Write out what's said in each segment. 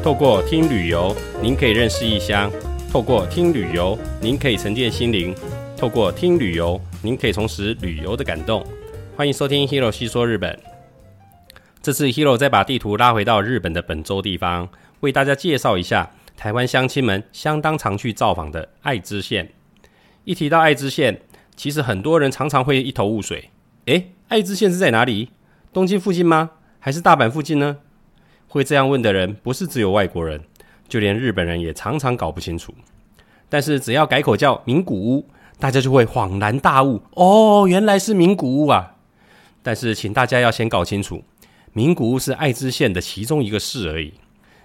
透過聽旅遊，您可以認識異鄉；透過聽旅遊，您可以沉澱心靈；透過聽旅遊，您可以重拾旅遊的感動。歡迎收聽 Hero 細說日本。這次 Hero 再把地圖拉回到日本的本州地方，為大家介紹一下台灣鄉親們相當常去造訪的愛知縣。一提到愛知縣，其實很多人常常會一頭霧水：誒，愛知縣是在哪裡？東京附近嗎？還是大阪附近呢？會這樣問的人不是只有外國人，就連日本人也常常搞不清楚。但是只要改口叫名古屋，大家就會恍然大悟：哦，原來是名古屋啊！但是請大家要先搞清楚，名古屋是愛知縣的其中一個市而已。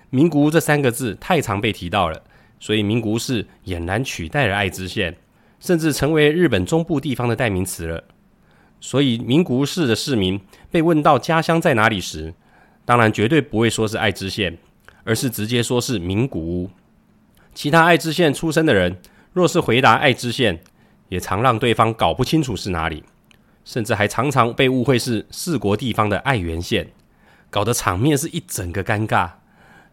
名古屋這三個字太常被提到了，所以名古屋市儼然取代了愛知縣，甚至成為日本中部地方的代名詞了。所以名古屋市的市民被問到家鄉在哪裡時，當然，絕對不會說是愛知縣，而是直接說是名古屋。其他愛知縣出生的人，若是回答愛知縣，也常讓對方搞不清楚是哪裡，甚至還常常被誤會是四國地方的愛媛縣，搞得場面是一整個尷尬。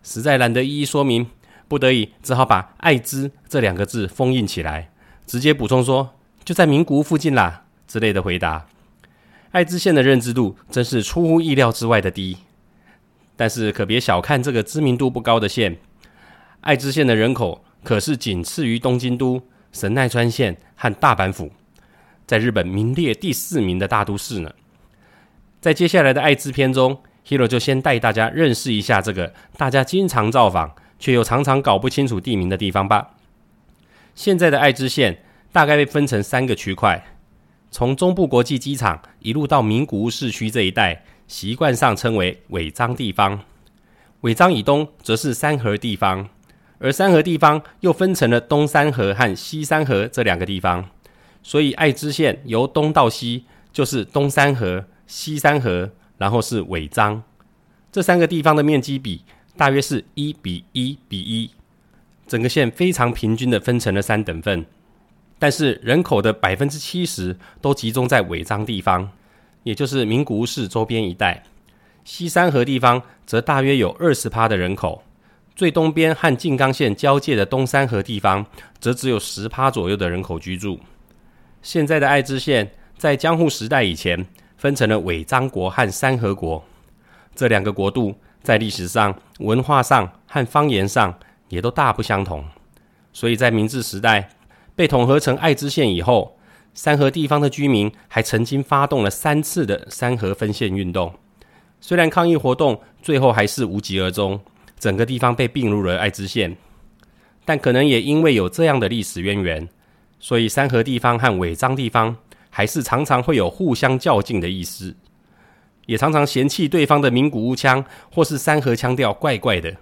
實在懶得一一說明，不得已只好把“愛知”這兩個字封印起來，直接補充說：“就在名古屋附近啦”之類的回答。愛知縣的認知度真是出乎意料之外的低。但是可別小看這個知名度不高的縣，愛知縣的人口可是僅次於東京都、神奈川縣和大阪府，在日本名列第四名的大都市呢。在接下來的愛知篇中，Hiro 就先帶大家認識一下這個大家經常造訪卻又常常搞不清楚地名的地方吧。現在的愛知縣大概被分成三個區塊，從中部國際機場一路到名古屋市區這一帶。習慣上稱為尾張地方，尾張以東則是三河地方，而三河地方又分成了東三河和西三河這兩個地方。所以愛知縣由東到西就是東三河、西三河，然後是尾張。這三個地方的面積比大約是一比一比一，整個縣非常平均的分成了三等份。但是人口的百分之七十都集中在尾張地方。也就是名古屋市周邊一帶，西三河地方則大約有二十趴的人口，最東邊和靜岡縣交界的東三河地方則只有十趴左右的人口居住。現在的愛知縣在江戶時代以前分成了尾張國和三河國，這兩個國度，在歷史上、文化上和方言上也都大不相同，所以在明治時代被統合成愛知縣以後，三河地方的居民還曾經發動了三次的三河分縣運動，雖然抗議活動最後還是無疾而終，整個地方被併入了愛知縣。但可能也因為有這樣的歷史淵源，所以三河地方和尾張地方還是常常會有互相較勁的意思，也常常嫌棄對方的名古屋腔或是三河腔調怪怪的。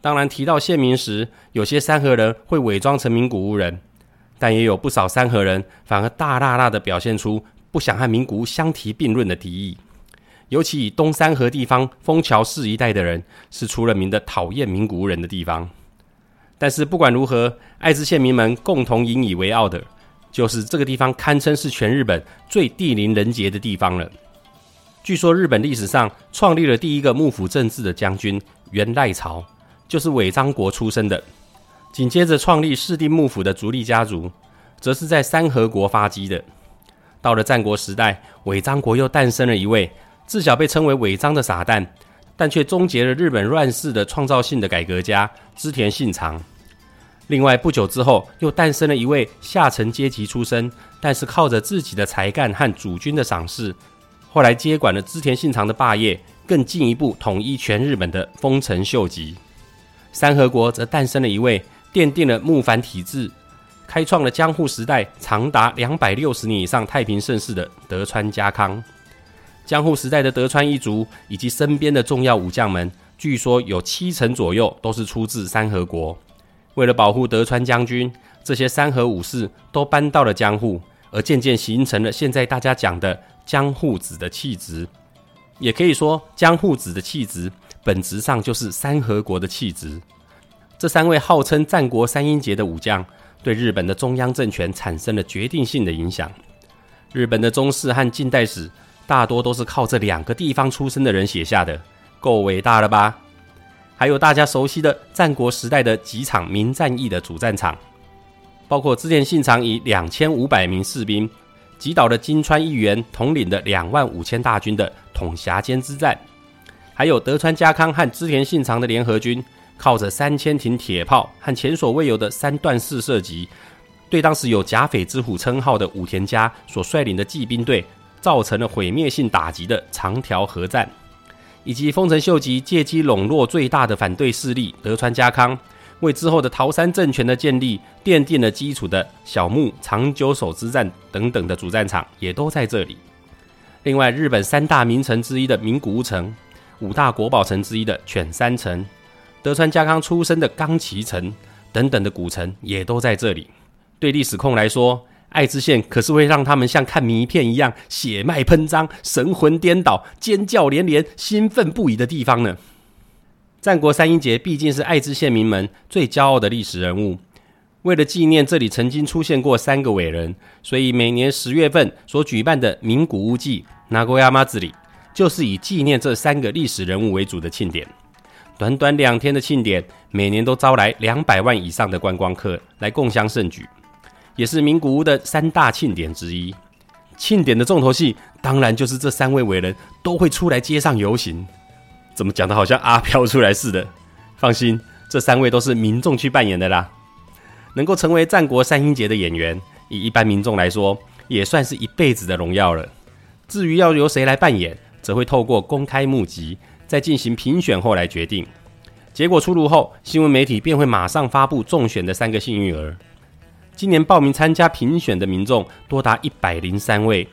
當然，提到縣民時，有些三河人會偽裝成名古屋人。但也有不少三河人，反而大剌剌的表現出不想和名古屋相提並論的敵意。尤其以東三河地方、豐橋市一帶的人，是出了名的討厭名古屋人的地方。但是不管如何，愛知縣民們共同引以為傲的，就是這個地方堪稱是全日本最地靈人傑的地方了。據說日本歷史上創立了第一個幕府政治的將軍源賴朝，就是尾張國出身的。緊接着創立室町幕府的足利家族，則是在三河國發跡的。到了戰國時代，尾張國又誕生了一位自小被稱為“尾張”的傻蛋，但卻終結了日本亂世的創造性的改革家織田信長。另外，不久之後又誕生了一位下層階級出身，但是靠着自己的才幹和主君的賞識，後來接管了織田信長的霸業，更進一步統一全日本的豐臣秀吉。三河國則誕生了一位。奠定了幕藩體制，開創了江戶時代長達兩百六十年以上太平盛世的德川家康。江戶時代的德川一族以及身邊的重要武將們，據說有七成左右都是出自三河國。為了保護德川將軍，這些三河武士都搬到了江戶，而漸漸形成了現在大家講的江戶子的氣質。也可以說，江戶子的氣質本質上就是三河國的氣質。這三位號稱戰國三英傑的武將，對日本的中央政權產生了決定性的影響。日本的中世和近代史大多都是靠這兩個地方出身的人寫下的，夠偉大了吧？還有大家熟悉的戰國時代的幾場名戰役的主戰場，包括織田信長以兩千五百名士兵擊倒了今川義元統領的兩萬五千大軍的桶狹間之戰，還有德川家康和織田信長的聯合軍。靠着三千挺鐵炮和前所未有的三段式射擊，對當時有“甲斐之虎”稱號的武田家所率領的騎兵隊造成了毀滅性打擊的長條合戰，以及豐臣秀吉借機籠絡最大的反對勢力德川家康，為之後的桃山政權的建立奠定了基礎的小牧長久手之戰等等的主戰場也都在這裡。另外，日本三大名城之一的名古屋城，五大國寶城之一的犬山城，德川家康出生的岡崎城等等的古城也都在這裡。對歷史控來說，愛知縣可是會讓他們像看謎片一樣血脈噴張、神魂顛倒、尖叫連連、興奮不已的地方呢。戰國三英傑畢竟是愛知縣民們最驕傲的歷史人物。為了紀念這裡曾經出現過三個偉人，所以每年十月份所舉辦的名古屋祭 Nagoya Matsuri，就是以紀念這三個歷史人物為主的慶典。短短兩天的慶典，每年都招來兩百萬以上的觀光客來共襄盛舉，也是名古屋的三大慶典之一。慶典的重頭戲，當然就是這三位偉人都會出來街上遊行。怎麼講的，好像阿飄出來似的？放心，這三位都是民眾去扮演的啦。能夠成為戰國三英傑的演員，以一般民眾來說，也算是一輩子的榮耀了。至於要由誰來扮演，則會透過公開募集。在進行評選後來決定。結果出爐後，新聞媒體便會馬上發布中選的三個幸運兒。今年報名參加評選的民眾多達一百零三位，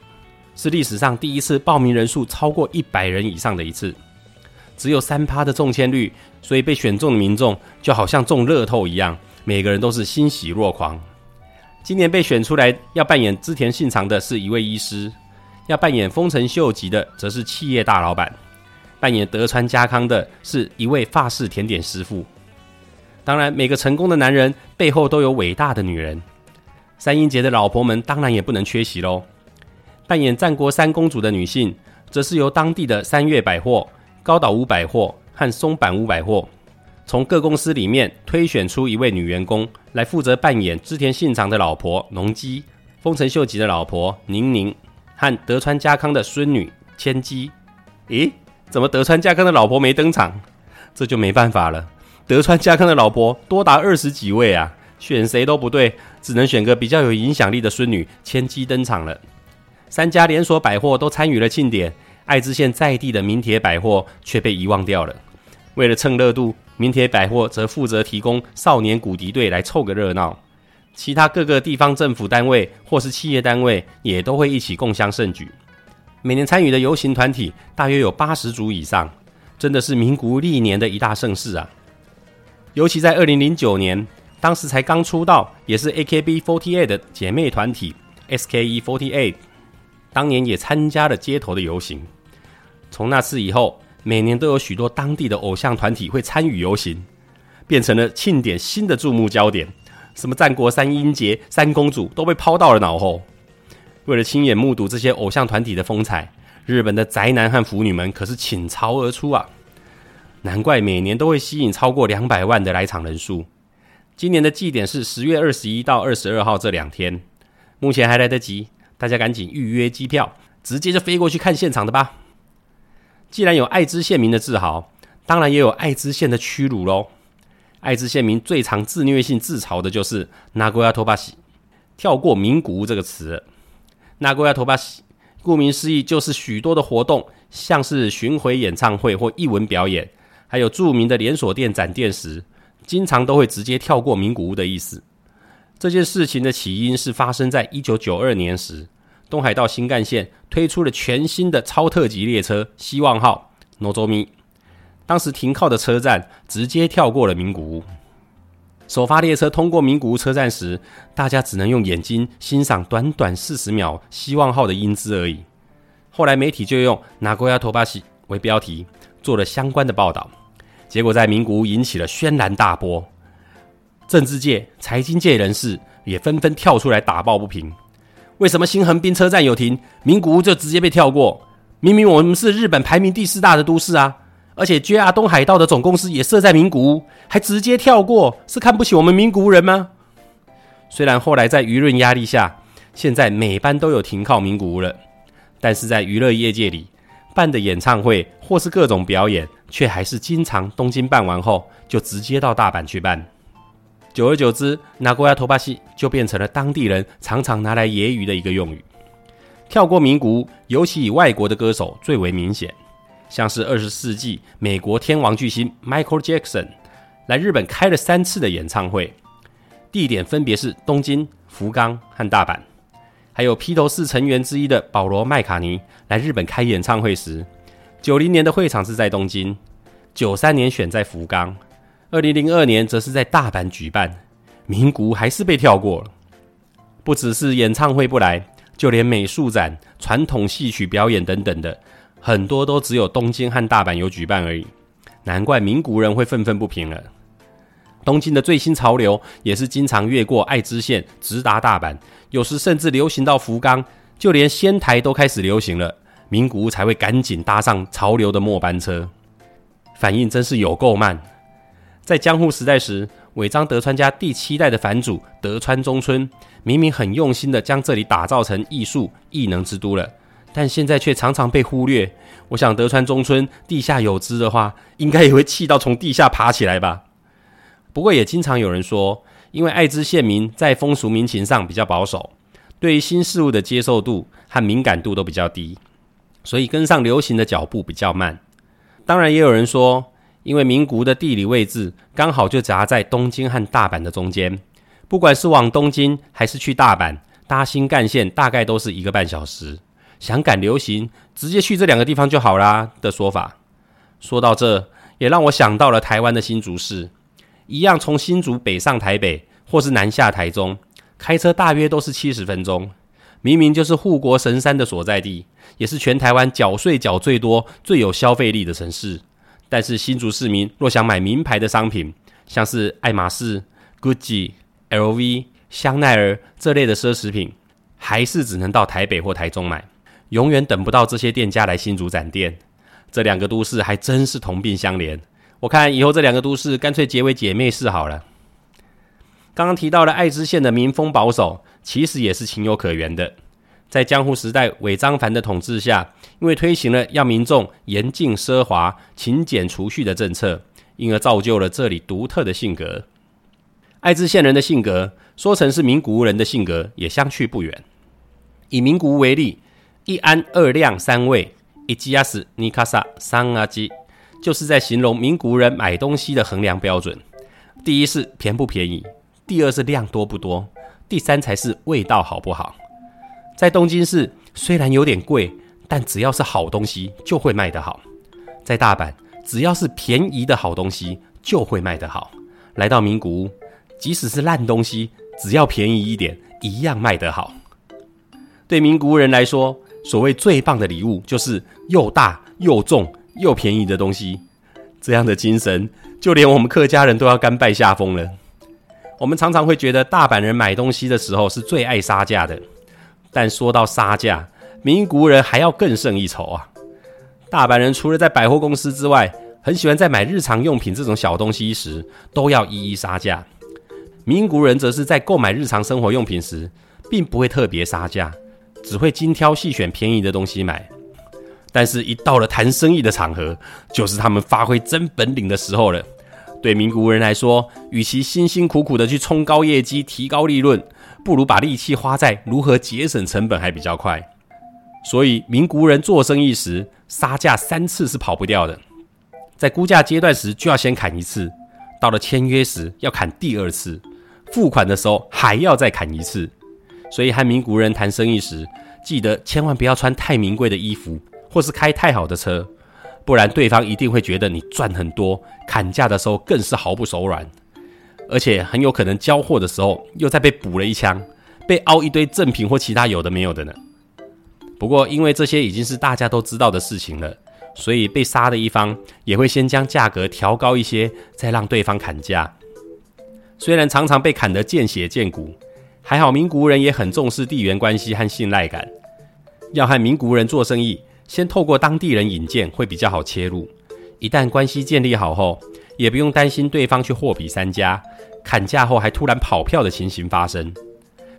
是歷史上第一次報名人數超過一百人以上的一次。只有三趴的中籤率，所以被選中的民眾就好像中樂透一樣，每個人都是欣喜若狂。今年被選出來要扮演織田信長的是一位醫師，要扮演豐臣秀吉的則是企業大老板。扮演德川家康的是一位法式甜點師傅。當然，每個成功的男人背後都有偉大的女人。三英傑的老婆們當然也不能缺席嘍。扮演戰國三公主的女性，則是由當地的三越百貨、高島屋百貨和松坂屋百貨從各公司裡面推選出一位女員工來負責扮演織田信長的老婆濃姬、豐臣秀吉的老婆寧寧和德川家康的孫女千姬。咦？怎麼德川家康的老婆沒登場？這就沒辦法了。德川家康的老婆多達二十幾位啊，選誰都不對，只能選個比較有影響力的孫女千姬登場了。三家連鎖百貨都參與了慶典，愛知縣在地的名鐵百貨卻被遺忘掉了。為了蹭熱度，名鐵百貨則負責提供少年鼓笛隊來湊個熱鬧。其他各個地方政府單位或是企業單位也都會一起共襄盛舉。每年參與的遊行團體大約有八十組以上，真的是名古屋歷年的一大盛事啊！尤其在二零零九年，當時才剛出道，也是 A K B forty eight 的姐妹團體 S K E forty eight，當年也參加了街頭的遊行。從那次以後，每年都有許多當地的偶像團體會參與遊行，變成了慶典新的注目焦點。什麼戰國三英傑、三公主都被拋到了腦後。為了親眼目睹這些偶像團體的風采，日本的宅男和腐女們可是傾巢而出啊！難怪每年都會吸引超過兩百萬的來場人數。今年的祭典是十月二十一到二十二號這兩天，目前還來得及，大家趕緊預約機票，直接就飛過去看現場的吧！既然有愛知縣民的自豪，當然也有愛知縣的屈辱嘍。愛知縣民最常自虐性自嘲的就是 “Nagoya tobashi”，跳過“名古屋”這個詞。ナゴヤ飛ばし，顧名思義就是許多的活動，像是巡迴演唱會或藝文表演，還有著名的連鎖店展店時，經常都會直接跳過名古屋的意思。這件事情的起因是發生在一九九二年時，東海道新幹線推出了全新的超特急列車希望號ノゾミ，當時停靠的車站直接跳過了名古屋。首發列車通過名古屋車站時，大家只能用眼睛欣賞短短四十秒“希望號”的英姿而已。後來媒體就用 “Nagoya tobashi” 為標題做了相關的報道，結果在名古屋引起了軒然大波。政治界、財經界人士也紛紛跳出來打抱不平：“為什麼新橫濱車站有停，名古屋就直接被跳過？明明我們是日本排名第四大的都市啊！”而且 JR 東海道的總公司也設在名古屋，還直接跳過，是看不起我們名古屋人嗎？雖然後來在輿論壓力下，現在每班都有停靠名古屋了，但是在娛樂業界裡辦的演唱會或是各種表演，卻還是經常東京辦完後就直接到大阪去辦。久而久之，名古屋飛ばし就變成了當地人常常拿來揶揄的一個用語。跳過名古屋，尤其以外國的歌手最為明顯。像是二十世紀美國天王巨星 Michael Jackson 來日本開了三次的演唱會，地點分別是東京、福岡和大阪。還有披頭士成員之一的保羅·麥卡尼來日本開演唱會時，九零年的會場是在東京，九三年選在福岡，二零零二年則是在大阪舉辦。名古屋還是被跳過了，不只是演唱會不來，就連美術展、傳統戲曲表演等等的。很多都只有東京和大阪有舉辦而已，難怪名古屋人會憤憤不平了。東京的最新潮流也是經常越過愛知縣，直達大阪，有時甚至流行到福岡，就連仙台都開始流行了，名古屋才會趕緊搭上潮流的末班車，反應真是有夠慢。在江戶時代時，尾張德川家第七代的藩主德川宗春明明很用心的將這裡打造成藝術、藝能之都了。但現在卻常常被忽略。我想德川中村地下有知的話，應該也會氣到從地下爬起來吧。不過也經常有人說，因為愛知縣民在風俗民情上比較保守，對於新事物的接受度和敏感度都比較低，所以跟上流行的腳步比較慢。當然，也有人說，因為名古屋的地理位置剛好就夾在東京和大阪的中間，不管是往東京還是去大阪，搭新幹線大概都是一個半小時。想趕流行，直接去這兩個地方就好啦的說法。說到這，也讓我想到了台灣的新竹市，一樣從新竹北上台北，或是南下台中，開車大約都是七十分鐘。明明就是護國神山的所在地，也是全台灣繳稅繳最多、最有消費力的城市。但是新竹市民若想買名牌的商品，像是愛馬仕、Gucci、LV、香奈兒這類的奢侈品，還是只能到台北或台中買。永遠等不到這些店家來新竹展店，這兩個都市還真是同病相憐。我看以後這兩個都市乾脆結為姐妹市好了。剛剛提到了愛知縣的民風保守，其實也是情有可原的。在江戶時代尾張藩的統治下，因為推行了要民眾嚴禁奢華、勤儉儲蓄的政策，因而造就了這裡獨特的性格。愛知縣人的性格，說成是名古屋人的性格也相去不遠。以名古屋為例。一安二量，三味，一吉亞斯尼卡薩桑阿吉，就是在形容名古屋人買東西的衡量標準。第一是便不便宜，第二是量多不多，第三才是味道好不好。在東京市雖然有點貴，但只要是好東西就會賣得好。在大阪只要是便宜的好東西就會賣得好。來到名古屋，即使是爛東西，只要便宜一點，一樣賣得好。對名古屋人來說，所謂最棒的禮物，就是又大又重又便宜的東西。這樣的精神，就連我們客家人都要甘拜下風了。我們常常會覺得大阪人買東西的時候是最愛殺價的，但說到殺價，名古屋人還要更勝一籌啊！大阪人除了在百貨公司之外，很喜歡在買日常用品這種小東西時都要一一殺價；名古屋人則是在購買日常生活用品時，並不會特別殺價。只會精挑細選便宜的東西買，但是，一到了談生意的場合，就是他們發揮真本領的時候了。對民國人來說，與其辛辛苦苦的去衝高業績、提高利潤，不如把力氣花在如何節省成本還比較快。所以，民國人做生意時，殺價三次是跑不掉的。在估價階段時就要先砍一次，到了簽約時要砍第二次，付款的時候還要再砍一次。所以和名古屋人談生意時，記得千萬不要穿太名貴的衣服，或是開太好的車，不然對方一定會覺得你賺很多。砍價的時候更是毫不手軟，而且很有可能交貨的時候又再被補了一槍，被凹一堆贈品或其他有的沒有的呢。不過因為這些已經是大家都知道的事情了，所以被殺的一方也會先將價格調高一些，再讓對方砍價。雖然常常被砍得見血見骨。還好，名古屋人也很重視地緣關係和信賴感。要和名古屋人做生意，先透過當地人引薦會比較好切入。一旦關係建立好後，也不用擔心對方去貨比三家、砍價後還突然跑票的情形發生。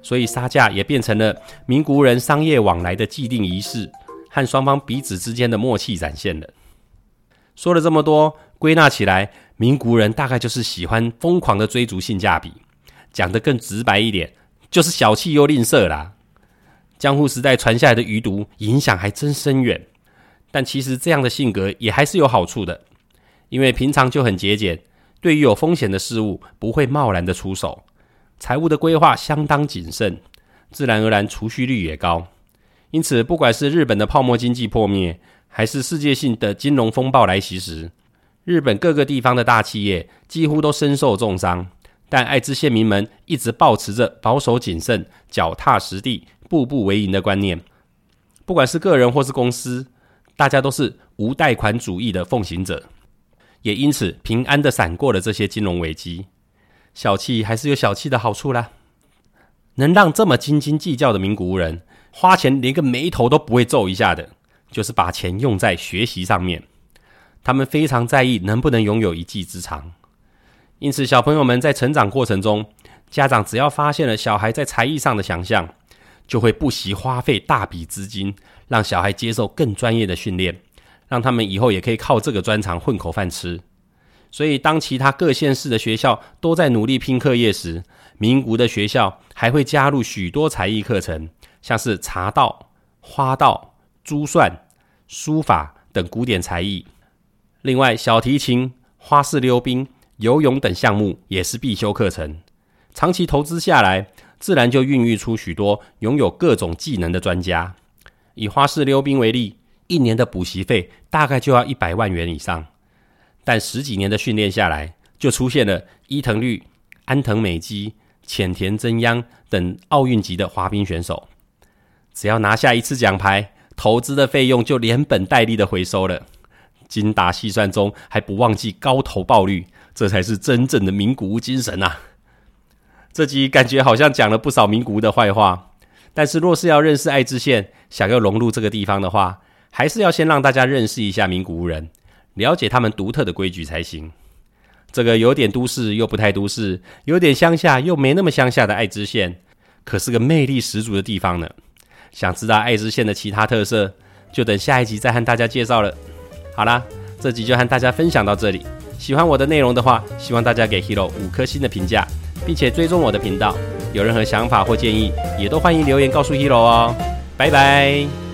所以殺價也變成了名古屋人商業往來的既定儀式，和雙方彼此之間的默契展現了。說了這麼多，歸納起來，名古屋人大概就是喜歡瘋狂的追逐性價比。講得更直白一點。就是小氣又吝嗇啦，江戶時代傳下來的餘毒影響還真深遠。但其實這樣的性格也還是有好處的，因為平常就很節儉，對於有風險的事物不會貿然的出手，財務的規劃相當謹慎，自然而然儲蓄率也高。因此，不管是日本的泡沫經濟破滅，還是世界性的金融風暴來襲時，日本各個地方的大企業幾乎都深受重傷。但愛知縣民們一直抱持著保守、謹慎、腳踏實地、步步為營的觀念。不管是個人或是公司，大家都是無貸款主義的奉行者，也因此平安的閃過了這些金融危機。小氣還是有小氣的好處啦，能讓這麼斤斤計較的名古屋人花錢連個眉頭都不會皺一下的，就是把錢用在學習上面。他們非常在意能不能擁有一技之長。因此，小朋友們在成長過程中，家長只要發現了小孩在才藝上的強項，就會不惜花費大筆資金，讓小孩接受更專業的訓練，讓他們以後也可以靠這個專長混口飯吃。所以，當其他各縣市的學校都在努力拼課業時，名古屋的學校還會加入許多才藝課程，像是茶道、花道、珠算、書法等古典才藝。另外，小提琴、花式溜冰。游泳等項目也是必修課程。長期投資下來，自然就孕育出許多擁有各種技能的專家。以花式溜冰為例，一年的補習費大概就要一百萬元以上，但十幾年的訓練下來，就出現了伊藤綠、安藤美姬、淺田真央等奧運級的滑冰選手。只要拿下一次獎牌，投資的費用就連本帶利的回收了。精打細算中，還不忘記高投報率。這才是真正的名古屋精神啊。這集感覺好像講了不少名古屋的壞話，但是若是要認識愛知縣，想要融入這個地方的話，還是要先讓大家認識一下名古屋人，了解他們獨特的規矩才行。這個有點都市又不太都市，有點鄉下又沒那麼鄉下的愛知縣，可是個魅力十足的地方呢。想知道愛知縣的其他特色，就等下一集再和大家介紹了。好啦，這集就和大家分享到這裡。喜歡我的內容的話，希望大家給 Hero 五顆星的評價，並且追蹤我的頻道。有任何想法或建議，也都歡迎留言告訴 Hero 哦。拜拜。